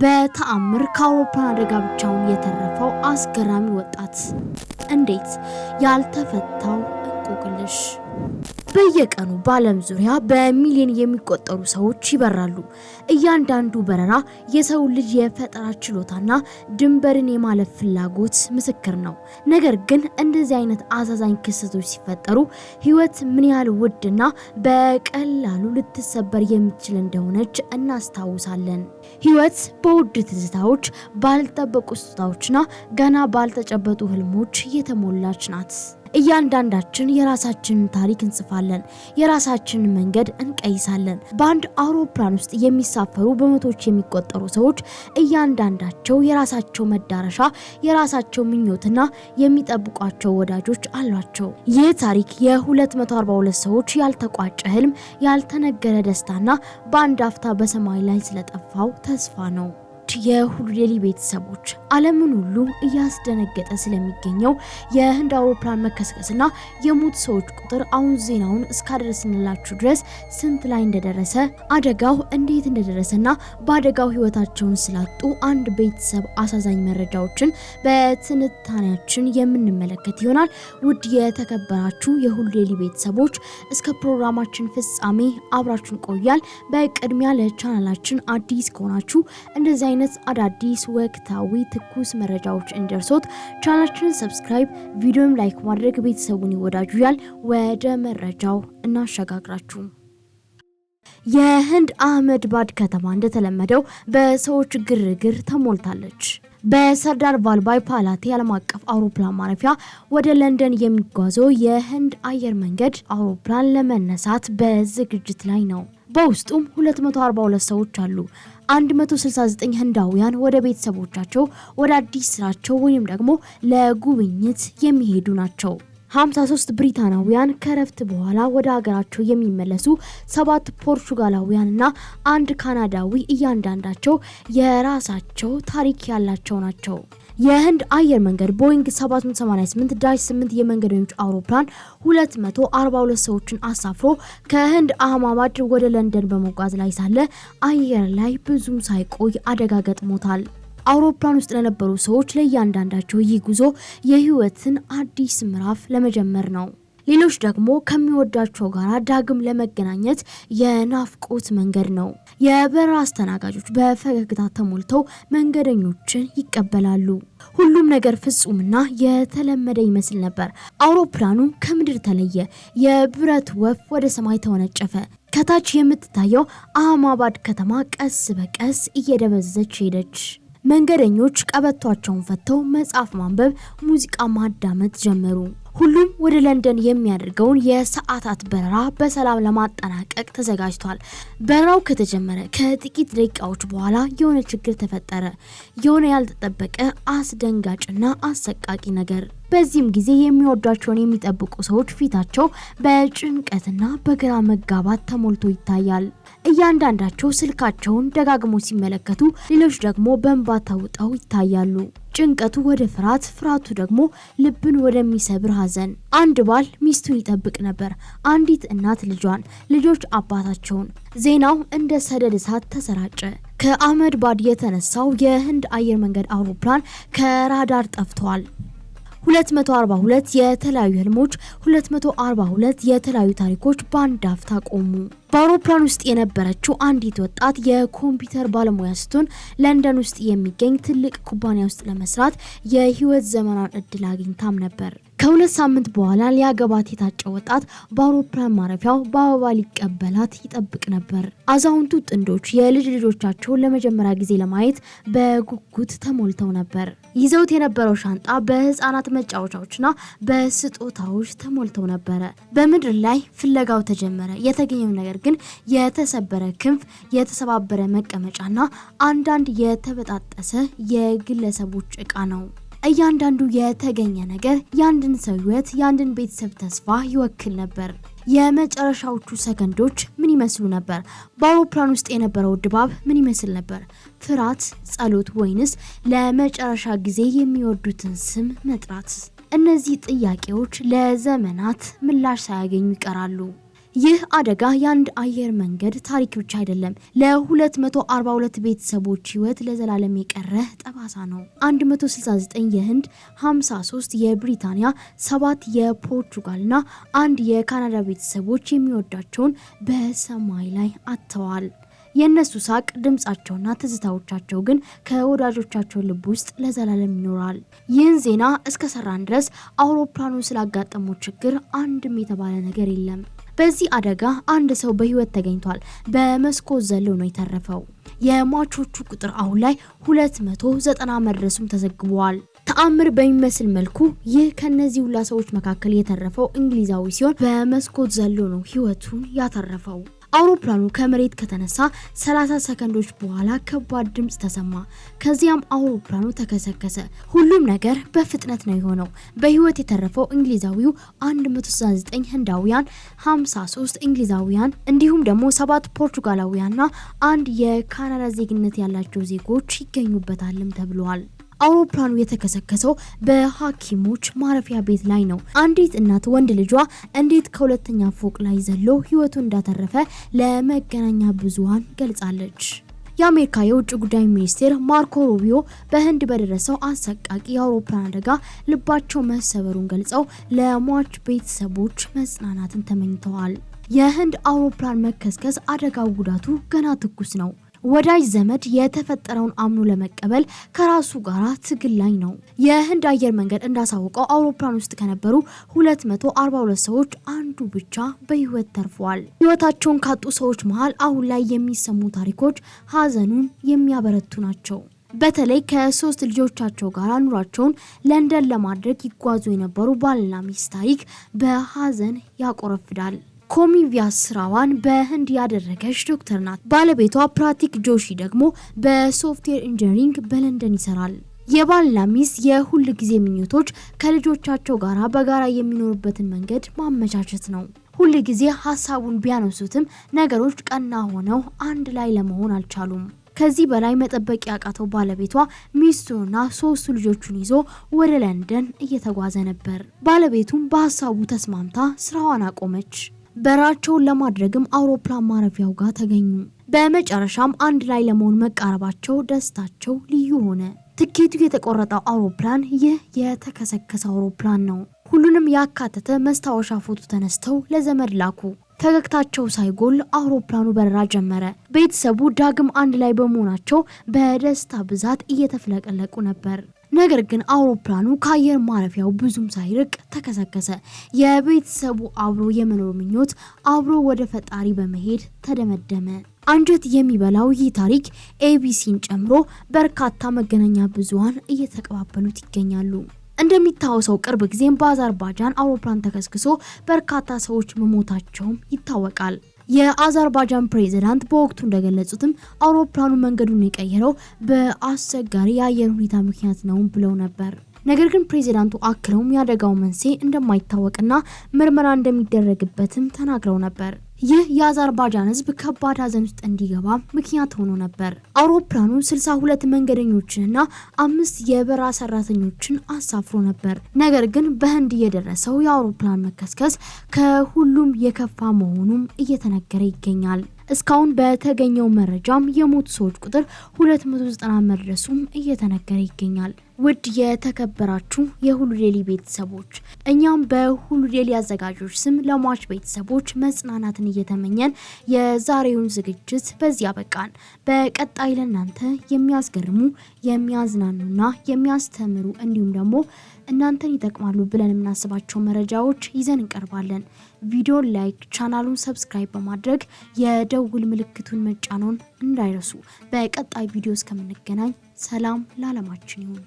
በተአምር ከአውሮፕላን አደጋ ብቻውን የተረፈው አስገራሚ ወጣት! እንዴት ያልተፈታው እንቆቅልሽ! በየቀኑ በዓለም ዙሪያ በሚሊዮን የሚቆጠሩ ሰዎች ይበራሉ። እያንዳንዱ በረራ የሰው ልጅ የፈጠራ ችሎታና ድንበርን የማለፍ ፍላጎት ምስክር ነው። ነገር ግን እንደዚህ አይነት አሳዛኝ ክስተቶች ሲፈጠሩ ሕይወት ምን ያህል ውድና በቀላሉ ልትሰበር የሚችል እንደሆነች እናስታውሳለን። ሕይወት በውድ ትዝታዎች፣ ባልጠበቁ ስጦታዎችና ገና ባልተጨበጡ ህልሞች የተሞላች ናት። እያንዳንዳችን የራሳችንን ታሪክ እንጽፋለን፣ የራሳችንን መንገድ እንቀይሳለን። በአንድ አውሮፕላን ውስጥ የሚሳፈሩ በመቶዎች የሚቆጠሩ ሰዎች እያንዳንዳቸው የራሳቸው መዳረሻ፣ የራሳቸው ምኞትና የሚጠብቋቸው ወዳጆች አሏቸው። ይህ ታሪክ የ242 ሰዎች ያልተቋጨ ህልም፣ ያልተነገረ ደስታና በአንድ አፍታ በሰማይ ላይ ስለጠፋው ተስፋ ነው። የሁሉዴሊ ቤተሰቦች ዓለምን ሁሉ እያስደነገጠ ስለሚገኘው የህንድ አውሮፕላን መከስከስና የሞት ሰዎች ቁጥር አሁን ዜናውን እስካደረስንላችሁ ድረስ ስንት ላይ እንደደረሰ አደጋው እንዴት እንደደረሰና በአደጋው ህይወታቸውን ስላጡ አንድ ቤተሰብ አሳዛኝ መረጃዎችን በትንታኔያችን የምንመለከት ይሆናል። ውድ የተከበራችሁ የሁሉዴሊ ቤተሰቦች እስከ ፕሮግራማችን ፍጻሜ አብራችሁን ቆያል። በቅድሚያ ለቻናላችን አዲስ ከሆናችሁ እንደዚህ አይነት አዳዲስ ወቅታዊ ትኩስ መረጃዎች እንደርሶት ቻናላችንን ሰብስክራይብ፣ ቪዲዮም ላይክ ማድረግ ቤተሰቡን ይወዳጁ። ያል ወደ መረጃው እናሸጋግራችሁ። የህንድ አህመድባድ ከተማ እንደተለመደው በሰዎች ግርግር ተሞልታለች። በሰርዳር ቫልባይ ፓላቴ ዓለም አቀፍ አውሮፕላን ማረፊያ ወደ ለንደን የሚጓዘው የህንድ አየር መንገድ አውሮፕላን ለመነሳት በዝግጅት ላይ ነው። በውስጡም 242 ሰዎች አሉ። 169 ህንዳውያን ወደ ቤተሰቦቻቸው ወደ አዲስ ስራቸው ወይም ደግሞ ለጉብኝት የሚሄዱ ናቸው። 53 ብሪታናውያን ከረፍት በኋላ ወደ ሀገራቸው የሚመለሱ ሰባት ፖርቹጋላውያንና አንድ ካናዳዊ እያንዳንዳቸው የራሳቸው ታሪክ ያላቸው ናቸው። የህንድ አየር መንገድ ቦይንግ 788 ዳሽ 8 የመንገደኞች አውሮፕላን 242 ሰዎችን አሳፍሮ ከህንድ አህማማድ ወደ ለንደን በመጓዝ ላይ ሳለ አየር ላይ ብዙም ሳይቆይ አደጋ ገጥሞታል። አውሮፕላን ውስጥ ለነበሩ ሰዎች ለእያንዳንዳቸው ይህ ጉዞ የህይወትን አዲስ ምዕራፍ ለመጀመር ነው። ሌሎች ደግሞ ከሚወዳቸው ጋር ዳግም ለመገናኘት የናፍቆት መንገድ ነው። የበረራ አስተናጋጆች በፈገግታ ተሞልተው መንገደኞችን ይቀበላሉ። ሁሉም ነገር ፍጹምና የተለመደ ይመስል ነበር። አውሮፕላኑ ከምድር ተለየ። የብረት ወፍ ወደ ሰማይ ተወነጨፈ። ከታች የምትታየው አህማባድ ከተማ ቀስ በቀስ እየደበዘች ሄደች። መንገደኞች ቀበቷቸውን ፈተው መጽሐፍ ማንበብ፣ ሙዚቃ ማዳመጥ ጀመሩ። ሁሉም ወደ ለንደን የሚያደርገውን የሰዓታት በረራ በሰላም ለማጠናቀቅ ተዘጋጅቷል። በረራው ከተጀመረ ከጥቂት ደቂቃዎች በኋላ የሆነ ችግር ተፈጠረ። የሆነ ያልተጠበቀ አስደንጋጭና አሰቃቂ ነገር በዚህም ጊዜ የሚወዷቸውን የሚጠብቁ ሰዎች ፊታቸው በጭንቀትና በግራ መጋባት ተሞልቶ ይታያል። እያንዳንዳቸው ስልካቸውን ደጋግሞ ሲመለከቱ፣ ሌሎች ደግሞ በእንባ ተውጠው ይታያሉ። ጭንቀቱ ወደ ፍርሃት፣ ፍርሃቱ ደግሞ ልብን ወደሚሰብር ሐዘን። አንድ ባል ሚስቱን ይጠብቅ ነበር፣ አንዲት እናት ልጇን፣ ልጆች አባታቸውን። ዜናው እንደ ሰደድ እሳት ተሰራጨ። ከአህመድ ባድ የተነሳው የህንድ አየር መንገድ አውሮፕላን ከራዳር ጠፍቷል። 242 የተለያዩ ህልሞች፣ 242 የተለያዩ ታሪኮች በአንድ አፍታ ቆሙ። በአውሮፕላን ውስጥ የነበረችው አንዲት ወጣት የኮምፒውተር ባለሙያ ስትሆን ለንደን ውስጥ የሚገኝ ትልቅ ኩባንያ ውስጥ ለመስራት የህይወት ዘመናን እድል አግኝታም ነበር። ከሁለት ሳምንት በኋላ ሊያገባት የታጨው ወጣት በአውሮፕላን ማረፊያው በአበባ ሊቀበላት ይጠብቅ ነበር። አዛውንቱ ጥንዶች የልጅ ልጆቻቸውን ለመጀመሪያ ጊዜ ለማየት በጉጉት ተሞልተው ነበር። ይዘውት የነበረው ሻንጣ በህፃናት መጫወቻዎችና በስጦታዎች ተሞልተው ነበረ። በምድር ላይ ፍለጋው ተጀመረ። የተገኘው ነገር ግን የተሰበረ ክንፍ፣ የተሰባበረ መቀመጫና አንዳንድ የተበጣጠሰ የግለሰቦች እቃ ነው። እያንዳንዱ የተገኘ ነገር የአንድን ሰው ህይወት፣ የአንድን ቤተሰብ ተስፋ ይወክል ነበር። የመጨረሻዎቹ ሰከንዶች ምን ይመስሉ ነበር? በአውሮፕላን ውስጥ የነበረው ድባብ ምን ይመስል ነበር? ፍርሃት፣ ጸሎት፣ ወይንስ ለመጨረሻ ጊዜ የሚወዱትን ስም መጥራት? እነዚህ ጥያቄዎች ለዘመናት ምላሽ ሳያገኙ ይቀራሉ። ይህ አደጋ የአንድ አየር መንገድ ታሪክ ብቻ አይደለም። ለ242 ቤተሰቦች ህይወት ለዘላለም የቀረ ጠባሳ ነው። 169 የህንድ፣ 53 የብሪታንያ፣ 7 ና አንድ የካናዳ ቤተሰቦች የሚወዳቸውን በሰማይ ላይ አጥተዋል። የእነሱ ሳቅ ድምጻቸውና ትዝታዎቻቸው ግን ከወዳጆቻቸው ልብ ውስጥ ለዘላለም ይኖራል። ይህን ዜና እስከ ሰራን ድረስ አውሮፕላኑ ስላጋጠመው ችግር አንድም የተባለ ነገር የለም። በዚህ አደጋ አንድ ሰው በህይወት ተገኝቷል። በመስኮት ዘሎ ነው የተረፈው። የሟቾቹ ቁጥር አሁን ላይ 290 መድረሱም ተዘግቧል። ተአምር በሚመስል መልኩ ይህ ከነዚህ ሁላ ሰዎች መካከል የተረፈው እንግሊዛዊ ሲሆን በመስኮት ዘሎ ነው ህይወቱን ያተረፈው። አውሮፕላኑ ከመሬት ከተነሳ 30 ሰከንዶች በኋላ ከባድ ድምፅ ተሰማ። ከዚያም አውሮፕላኑ ተከሰከሰ። ሁሉም ነገር በፍጥነት ነው የሆነው። በህይወት የተረፈው እንግሊዛዊው 169 ህንዳውያን፣ 53 እንግሊዛውያን እንዲሁም ደግሞ ሰባት ፖርቱጋላውያንና አንድ የካናዳ ዜግነት ያላቸው ዜጎች ይገኙበታልም ተብለዋል። አውሮፕላኑ የተከሰከሰው በሐኪሞች ማረፊያ ቤት ላይ ነው። አንዲት እናት ወንድ ልጇ እንዴት ከሁለተኛ ፎቅ ላይ ዘሎ ህይወቱ እንዳተረፈ ለመገናኛ ብዙሃን ገልጻለች። የአሜሪካ የውጭ ጉዳይ ሚኒስቴር ማርኮ ሩቢዮ በህንድ በደረሰው አሰቃቂ የአውሮፕላን አደጋ ልባቸው መሰበሩን ገልጸው ለሟች ቤተሰቦች መጽናናትን ተመኝተዋል። የህንድ አውሮፕላን መከስከስ አደጋው ጉዳቱ ገና ትኩስ ነው። ወዳጅ ዘመድ የተፈጠረውን አምኖ ለመቀበል ከራሱ ጋር ትግል ላይ ነው። የህንድ አየር መንገድ እንዳሳወቀው አውሮፕላን ውስጥ ከነበሩ 242 ሰዎች አንዱ ብቻ በህይወት ተርፏል። ህይወታቸውን ካጡ ሰዎች መሀል አሁን ላይ የሚሰሙ ታሪኮች ሀዘኑን የሚያበረቱ ናቸው። በተለይ ከሶስት ልጆቻቸው ጋር ኑሯቸውን ለንደን ለማድረግ ይጓዙ የነበሩ ባልና ሚስት ታሪክ በሀዘን ያቆረፍዳል። ቪያስ ስራዋን በህንድ ያደረገች ዶክተር ናት። ባለቤቷ ፕራቲክ ጆሺ ደግሞ በሶፍትዌር ኢንጂነሪንግ በለንደን ይሰራል። የባልና ሚስ የሁል ጊዜ ምኞቶች ከልጆቻቸው ጋር በጋራ የሚኖሩበትን መንገድ ማመቻቸት ነው። ሁል ጊዜ ሀሳቡን ቢያነሱትም ነገሮች ቀና ሆነው አንድ ላይ ለመሆን አልቻሉም። ከዚህ በላይ መጠበቅ ያቃተው ባለቤቷ ሚስቱንና ሶስቱ ልጆቹን ይዞ ወደ ለንደን እየተጓዘ ነበር። ባለቤቱም በሀሳቡ ተስማምታ ስራዋን አቆመች። በረራቸውን ለማድረግም አውሮፕላን ማረፊያው ጋር ተገኙ። በመጨረሻም አንድ ላይ ለመሆን መቃረባቸው ደስታቸው ልዩ ሆነ። ትኬቱ የተቆረጠው አውሮፕላን ይህ የተከሰከሰ አውሮፕላን ነው። ሁሉንም ያካተተ መስታወሻ ፎቶ ተነስተው ለዘመድ ላኩ። ፈገግታቸው ሳይጎል አውሮፕላኑ በረራ ጀመረ። ቤተሰቡ ዳግም አንድ ላይ በመሆናቸው በደስታ ብዛት እየተፍለቀለቁ ነበር። ነገር ግን አውሮፕላኑ ከአየር ማረፊያው ብዙም ሳይርቅ ተከሰከሰ። የቤተሰቡ አብሮ የመኖር ምኞት አብሮ ወደ ፈጣሪ በመሄድ ተደመደመ። አንጀት የሚበላው ይህ ታሪክ ኤቢሲን ጨምሮ በርካታ መገናኛ ብዙሃን እየተቀባበሉት ይገኛሉ። እንደሚታወሰው ቅርብ ጊዜም በአዘርባጃን አውሮፕላን ተከስክሶ በርካታ ሰዎች መሞታቸውም ይታወቃል። የአዘርባይጃን ፕሬዚዳንት በወቅቱ እንደገለጹትም አውሮፕላኑ መንገዱን የቀየረው በአስቸጋሪ የአየር ሁኔታ ምክንያት ነው ብለው ነበር። ነገር ግን ፕሬዚዳንቱ አክለውም የአደጋው መንስኤ እንደማይታወቅና ምርመራ እንደሚደረግበትም ተናግረው ነበር። ይህ የአዘርባጃን ሕዝብ ከባድ ሀዘን ውስጥ እንዲገባ ምክንያት ሆኖ ነበር። አውሮፕላኑ 62 መንገደኞችን መንገደኞችንና አምስት የበረራ ሰራተኞችን አሳፍሮ ነበር። ነገር ግን በህንድ የደረሰው የአውሮፕላን መከስከስ ከሁሉም የከፋ መሆኑም እየተነገረ ይገኛል። እስካሁን በተገኘው መረጃም የሞቱ ሰዎች ቁጥር 290 መድረሱም እየተነገረ ይገኛል። ውድ የተከበራችሁ የሁሉ ዴይሊ ቤተሰቦች እኛም በሁሉ ዴይሊ አዘጋጆች ስም ለሟች ቤተሰቦች መጽናናትን እየተመኘን የዛሬውን ዝግጅት በዚህ ያበቃን። በቀጣይ ለእናንተ የሚያስገርሙ የሚያዝናኑና የሚያስተምሩ እንዲሁም ደግሞ እናንተን ይጠቅማሉ ብለን የምናስባቸው መረጃዎች ይዘን እንቀርባለን። ቪዲዮ ላይክ፣ ቻናሉን ሰብስክራይብ በማድረግ የደውል ምልክቱን መጫኖን እንዳይረሱ። በቀጣይ ቪዲዮ እስከምንገናኝ ሰላም ለዓለማችን ይሁን።